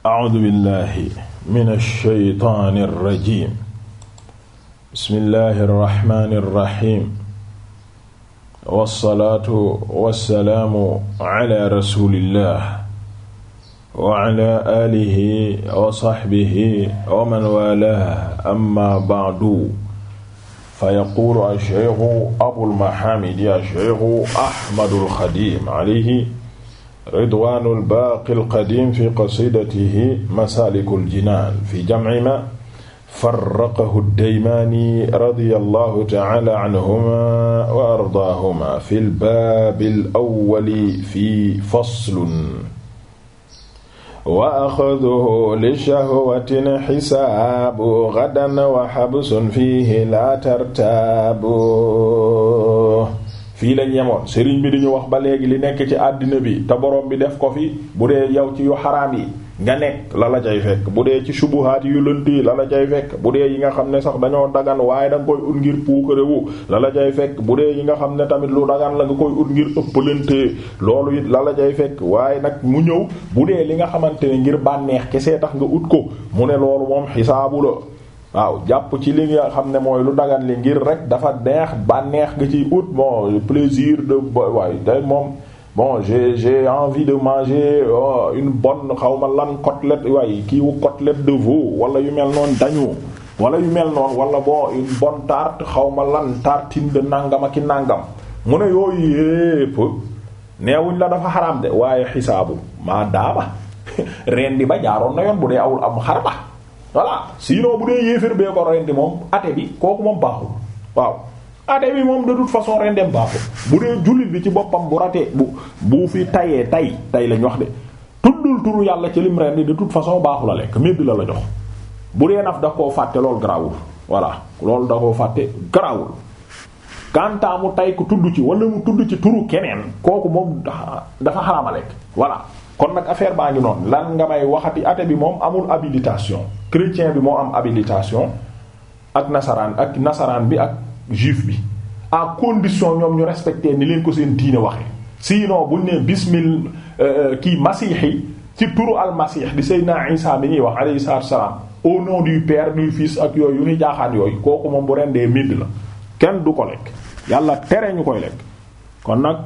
A'uuzu billaahi mina shaytaani rajiim. Bismillaahi rahmaani rahiim. Wassalaatu wassalaamu alaa rasuulillaah wa alaa aalihi wa sahbihi wa man waalaah, ammaa ba'du. Fayaquulu ash-shaykhu Abul Mahaamid ash-shaykhu Ahmadul Xadiim alayhi ridwaanul baaqil qadiim fi qasiidatihi masaalikul jinaan fi jamci maa farraqahu daymaani radiyallahu ta'aala anhumaa wa ardaahumaa fil baabil awwali fi faslun. wa axduhu lishahwatin xisaabu gadan wa xabsun fiihi laa tartaabu. fii lañ yemoon sëriñ bi dañu wax ba léegi li nekk ci àddina bi te boroom bi def ko fi bu dee yow ci yu xaraam yi nga nekk la la cay fekk bu dee ci subuhaat yu lënt yi la la cay fekk bu dee yi nga xam ne sax dañoo dagan waaye da nga koy ut ngir puukarewu la la cay fekk bu dee yi nga xam ne tamit lu dagan la nga koy ut ngir ëpp lëntee loolu it la la cay fekk waaye nag mu ñëw bu dee li nga xamante ne ngir bànneex kese tax nga ut ko mu ne loolu moom xisaabu la waaw jàpp ci li nga xam ne mooy lu dagan li ngir rek dafa neex ba nga ci ut bon plaisir de waaye tey moom bon j'ai j'ai envie de manger oh, une bonne xawma lan côtelette waaye kiiwu côtelette de veau wala yu mel noonu dañu wala yu mel noonu wala bon une bonne tarte xawma lan tartine de nàngam ak i nàngam mu ne yooyu yépp neewuñ la dafa xaraam de waaye xisaabu maa daaba reen di ba jaaroon na yoon bu dee awul am xar ba voilà sinon bu dee yéeféer bee ko rendi moom ate bi kooku moom baaxul waaw ate bi moom de toute façon rendem baaxul bu dee jullit bi ci boppam bu ratee bu bu fi tayee tay tay lañ wax de tuddul turu yàlla ci lim rendi de toute façon baaxu la lekk medd la la jox bu dee naf da koo fàtte loolu garaawul voilà loolu da koo fàtte garaawul kantaamu tay ku tudd ci wala mu tudd ci turu keneen kooku moom dafa xaraama lekk voilà kon nag affaire baa ngi noonu lan nga may waxati ate bi moom amul habilitation chrétien bi moo am habilitation ak nasaraan ak nasaraan bi ak juif bi à condition ñoom ñu respecter ni leen ko seen diine waxee sinon buñ ne bismil euh, euh, kii masiix yi ci turu al masiix di Seydina Isa bi ñuy wax alayhi salaatu salaam au nom du père du fils ak yooyu yu ñu jaaxaan yooyu kooku moom bu rendee midd la kenn du ko lekk yàlla tere ñu koy lekk kon nag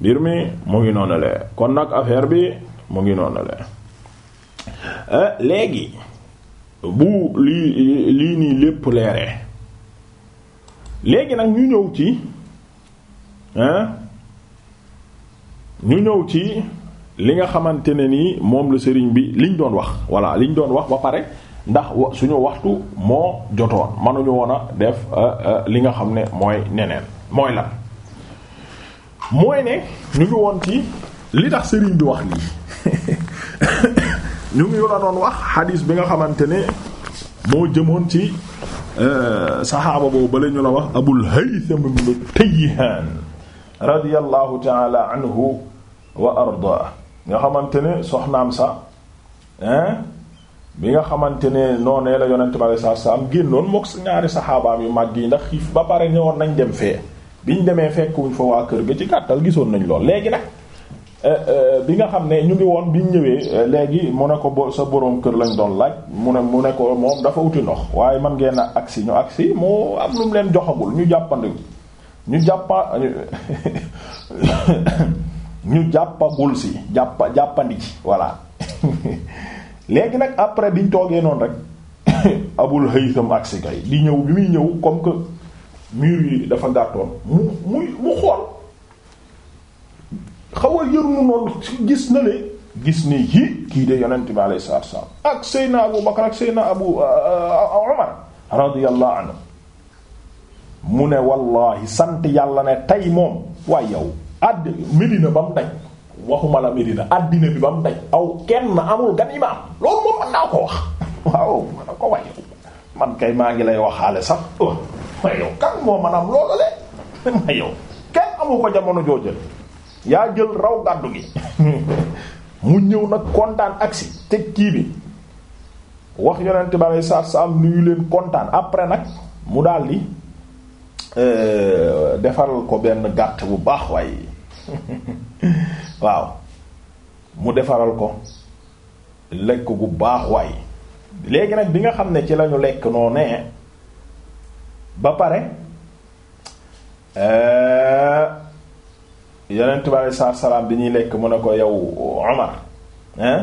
mbir mi mu ngi noonu le kon nag affaire bi mu ngi noonu le euh, léegi bu lii lii nii lépp leeree léegi nag ñu ñëw ci ñu ñëw ci li nga xamante ne nii moom la sëriñ bi liñ doon wax voilà liñ doon wax ba pare ndax suñu waxtu moo jotoon mënuñu woon a def euh, euh, li nga xam ne mooy neneen mooy la mooy ne ñu ngi woon ci li tax sëriñ bi wax lii ñu ngi la doon wax xadiis bi nga xamante ne moo jëmoon ci euh, saxaaba boobu ba la ñu la wax Abul Haytham ibn Tayyihan radiyallahu ta'ala anhu wa arda nga xamante ne soxnaam sa bi nga xamante ne noonee la yonente bi sallallahu alayhi wasallam génnoon mook ñaari saxaabaam yu màgg yi ndax xiif ba pare ñëwoon nañ dem fee bi ñu demee fekkuñ fa waa kër ga ci kàttal gisoon nañ lool léegi nag euh, euh, bi nga xam ne ñu ngi woon biñ ñëwee euh, léegi mu ne ko bo sa boroom kër lañu doon laaj mu ne mu ne ko moom dafa wuti ndox waaye man ngeen ak si ñu agsi mu am lu mu leen joxagul ñu jàppandi ñu jàppa ñu jàppagul si jàppa jàppandi ci voilà léegi nag après biñ toogee noonu rek abul haytham agsi kay di ñëw bi muy ñëw comme que mur yi dafa gàttoon mu mu xool xaw a yërnu noonu gis na ne gis ni yi kii de yonent bi alayhi salaatu wa ak Seydina Abu Bakar ak Seydina Abu Umar radiyallahu anhu ne wallahi yàlla ne tey moom waaye yow àdd Medina ba mu daj waxuma la Medina àddina bi ba mu daj aw kenn amul gan imaam loolu moom mën naa ko wax waaw mën na ko waaye man kay maa ngi lay waxaale sax ma yow kan moo mën am loolu ma yow kenn amu ko jamono joojël yaa jël raw gàddu gi mu ñëw nag kontaan agsi teg kii bi wax yonent ba lay saar sa am nuyu leen kontaan après nag mu daldi euh, defaral ko benn gàtt bu baax waaye waaw mu defaral ko lekk bu baax waaye léegi nag bi nga xam ne ci lañu lekk noo nee ba pare eh, yonent bi alei salaatu salaam bi ñuy lekk mu ne ko yow Omar hein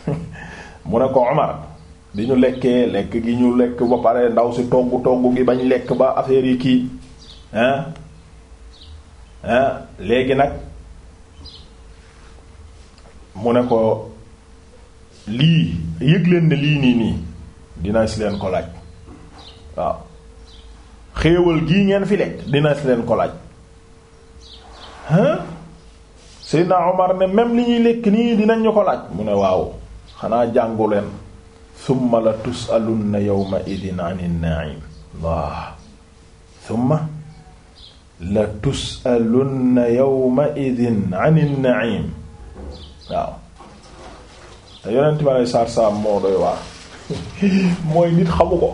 mu ne ko Omar bi ñu lekkee lekk gi ñu lekk ba pare ndaw si togg togg gi bañ lekk ba affaire yi kii hein léegi nag mu ne ko lii yëg leen ne lii nii nii dina si leen ko laaj waaw xéewal gii ngeen fi lekk dina si leen ko laaj hein Seydina Omar ne même li ñuy lekk nii dinañ ñu mu ne waaw xanaa jàngu leen summa la tusalunna yawma idin anin na'im Allah summa te yonent ma lay saar saam moo doy waa mooy nit xamu ko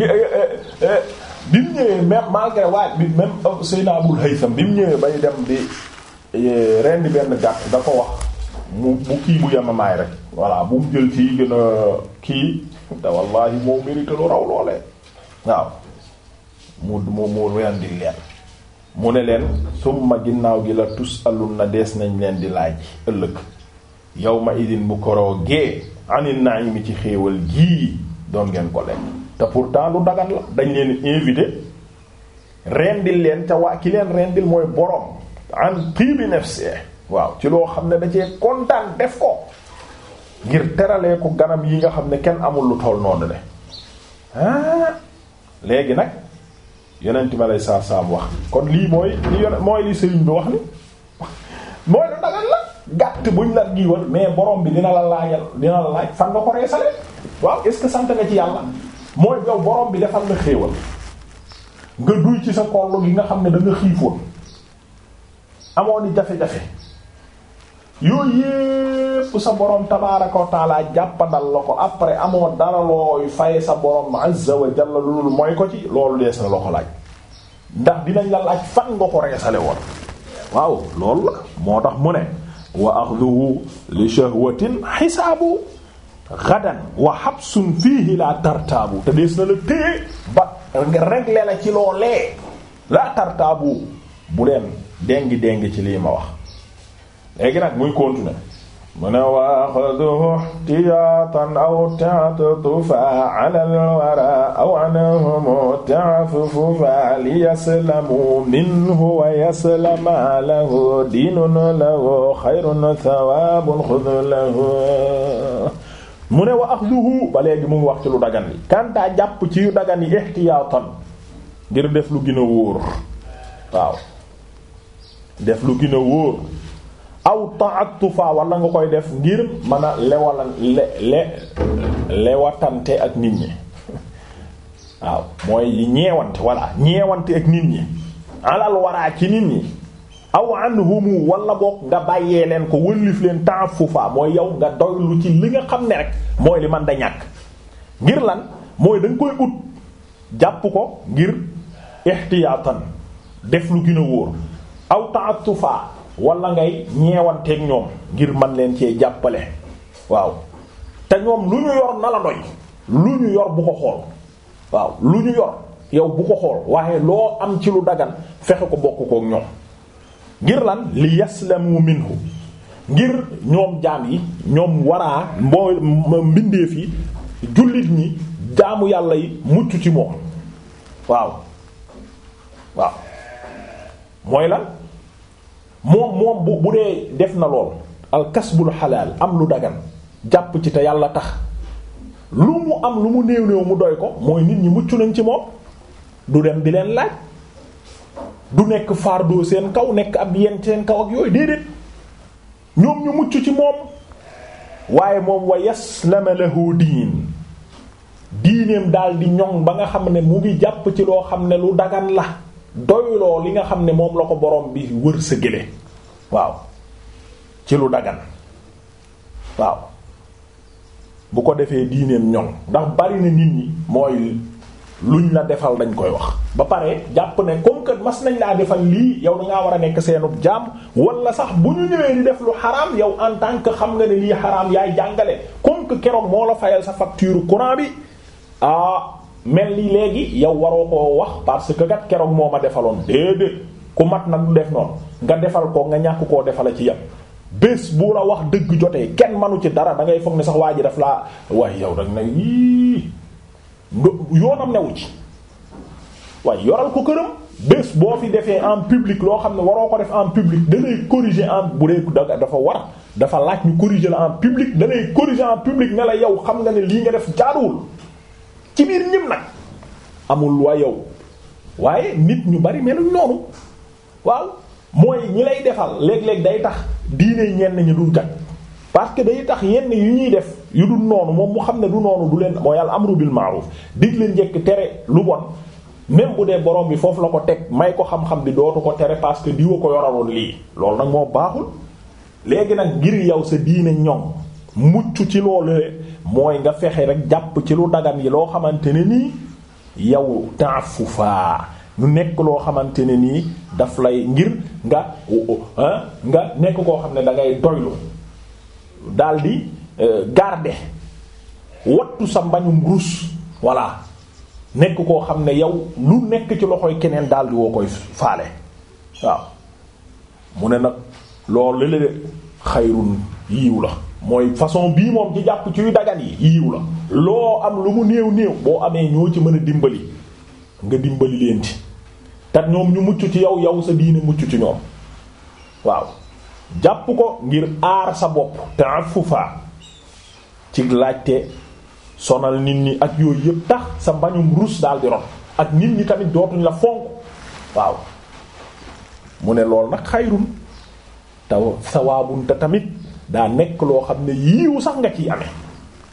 eh, eh, eh, bi mu ñëwee même malgré waaye bi même Seydina Abul bi mu ñëwee bay dem di eh, rendi benn gàtt da wax mu bu kii bu yemamaay rek voilà bu mu jël kii gën a kii te wallaahi moo mérite raw loolee waaw mu mu mu rendi leen mu ne leen summa ginnaaw gi la tus alun na dees nañ leen di laaj ëllëg yawma idin bu koroo naa anil na'imi ci xéewal gii doon ngeen ko lekk te pourtant lu dagan la dañ leen invité rendil leen te waa ki leen rendil mooy borom bi tibi nafsi waaw ci loo xam ne da kontaan def ko ngir teralee ko ganam yi nga xam ne kenn amul lu toll noonu ne ah léegi nag yonent ma lay saa saam wax kon lii mooy li yone mooy sëriñ bi wax ni mooy lu dagan la gàtt buñ la giiwal mais borom bi dina la laajal dina la laaj fan nga ko reesale waaw est-ce que sant nga ci yàlla mooy yow borom bi defal la xéewal nga duy ci sa kollu gi nga xam ne da nga xiifoon amoon i jafe-jafe yooyu yépp sa borom tabaaraka wa taala jàppandal la ko après amoo dara looy faye sa borom azza wa jalla loolu mooy ko ci loolu dees na la laaj ndax dinañ la laaj fan nga ko reesale woon waaw loolu la moo tax mu ne wa axduhu li shahwatin xisaabu gadan wa habsun fiihi la tartaabu te dees na la téye ba nga régler la ci loolee la tartaabu bu leen déngi déngi ci lii ma wax léegi nag muy continuer mu ne wa axaduhu ihtiyaatan aw ta'tufa ala al-wara aw anhum ta'affufa liyaslamu minhu wa yaslama lahu diinun lahu xayrun thawaabun xudh lahu mu ne wa axduhu ba léegi mu ngi wax ci lu dagan li kantaa jàpp ci yu dagan yi ihtiyaatan ngir def lu gën a wóor waaw def lu gën a wóor aw ta'attufa wala nga koy def ngir mën a lewalan le le lewatante ak nit ñi waaw mooy ñeewante walla ñeewante ak nit ñi alal waraa ci nit ñi aw anhumu wala boog nga bàyyee leen ko wëllif leen ta'affufa mooy yow nga doylu ci li nga xam ne rek mooy li man da ñàkk ngir lan mooy da koy ut jàpp ko ngir ihtiyaatan def lu gën a wóor aw ta'attufa wala ngay ñeewanteeg ñoom ngir man leen cee jàppale waaw te ñoom lu ñu yor na la doy lu ñu yor bu ko xool waaw lu ñu yor yow bu ko xool waaye loo am ci lu dagan fexe ko bokk kook ñoom ngir lan li yaslamu minhu ngir ñoom jaam yi ñoom waraa mbooy mbindéef yi jullit ñi jaamu yàllay yi mucc ci moom waaw waaw mooy lan moom moom bu bu dee def na lool alkasbul xalaal am lu dagan jàpp ci te yàlla tax lu mu am lu mu néew néew mu doy ko mooy nit ñi mucc nañ ci moom du dem di leen laaj du nekk fardeau seen kaw nekk ab yenn seen kaw ak yooyu déedéet ñoom ñu mucc ci moom waaye moom wa yaslama lahu diin diineem daal di ñoŋ ba nga xam ne mu ngi jàpp ci loo xam ne lu dagan la doyloo li nga xam ne moom la ko borom bi wër sa gële waaw ci lu dagan waaw bu ko defee diineem ñoŋ ndax bari na nit ñi mooy luñ la defal dañ koy wax ba pare jàpp ne comme que mas nañ laa defal lii yow da war a nekk seenub jaam wala sax bu ñu ñëwee di def lu xaraam yow en tant que xam nga ne lii xaraam yaay jàngale comme que keroog moo la fayal sa facture courant bi ah mel ni léegi yow waroo koo wax parce que kat keroog moo ma defaloon déedéet ku mat nag du def noonu nga defal ko nga ñàkk koo defala ci yam bés bu la wax dëgg jotee kenn manu ci dara da ngay foog ne sax waa ji daf laa waaye yow dag na yoonam newu ci waaye yoral ko këram bés boo fi defee en public loo xam ne waroo ko def en public da lay corriger en bu dee dafa war dafa laaj ñu corriger la en public danay lay corriger en public ne la yow xam nga ne lii nga def jaaduwul ci biir ñim nag amul waa yow waaye nit ñu bari meluñ noonu waaw mooy ñi lay defal léeg-léeg day tax diine ñenn ñi dul gàtt parce que day tax yenn yu ñuy def yu du noonu moom mu xam ne du noonu du leen mooy al amru bil ma'ruf dig njëkk tere lu bon même bu dee borom bi foofu la ko teg may ko xam-xam bi dootu ko tere parce que diwa ko yoraloon lii loolu nag moo baaxul léegi nag ngir yow sa diine ñoŋ mucc ci loolu mooy nga fexe rek jàpp ci lu dagan yi loo xamante ne nii yow ta'affufa ñu nekk loo xamante ne nii daf lay ngir nga ah, nga nekk koo xam ne da ngay doylu daldi euh, garder wattu sa mbañum ruus voilà nekk koo xam ne yow lu nekk ci loxoy keneen daldi woo koy faale waaw mu ne nag loolu la de xayrun yiiw la mooy façon bii moom ci jàpp ciy dagan yi yiiw la loo am lu mu néew néew boo amee ñoo ci mën a dimbali nga dimbali leen ci tat ñoom ñu mucc ci yow yow sa diine mucc ci ñoom waaw jàpp ko ngir aar sa bopp te affufa ci laajte sonal nit ñi ak yooyu yëpp tax sa mbañum rus daal di ron ak nit ñi tamit dootuñ la fonk waaw mu ne lool nag xayrun te sawaabun te tamit daa nekk loo xam ne yiiwu sax nga ciy amee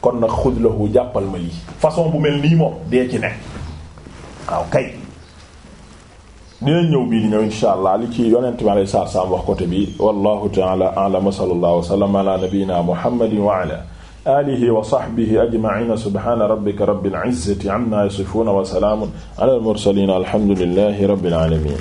kon nag xudlahu jàppal ma lii façon bu mel nii moom dee ci ne waaw kay dinañ ñëw bii di ñëw insha allah li ci yonent bi alayhi salaatu salaam wax côté bi wallahu ta'ala a'lam wa sallallahu wa sallama ala nabiyyina muhammadin wa ala alihi wa sahbihi ajma'ina subhana rabbika rabbil izzati amma yasifuna wa salaamun ala al mursalin alhamdulillahi rabbil alamin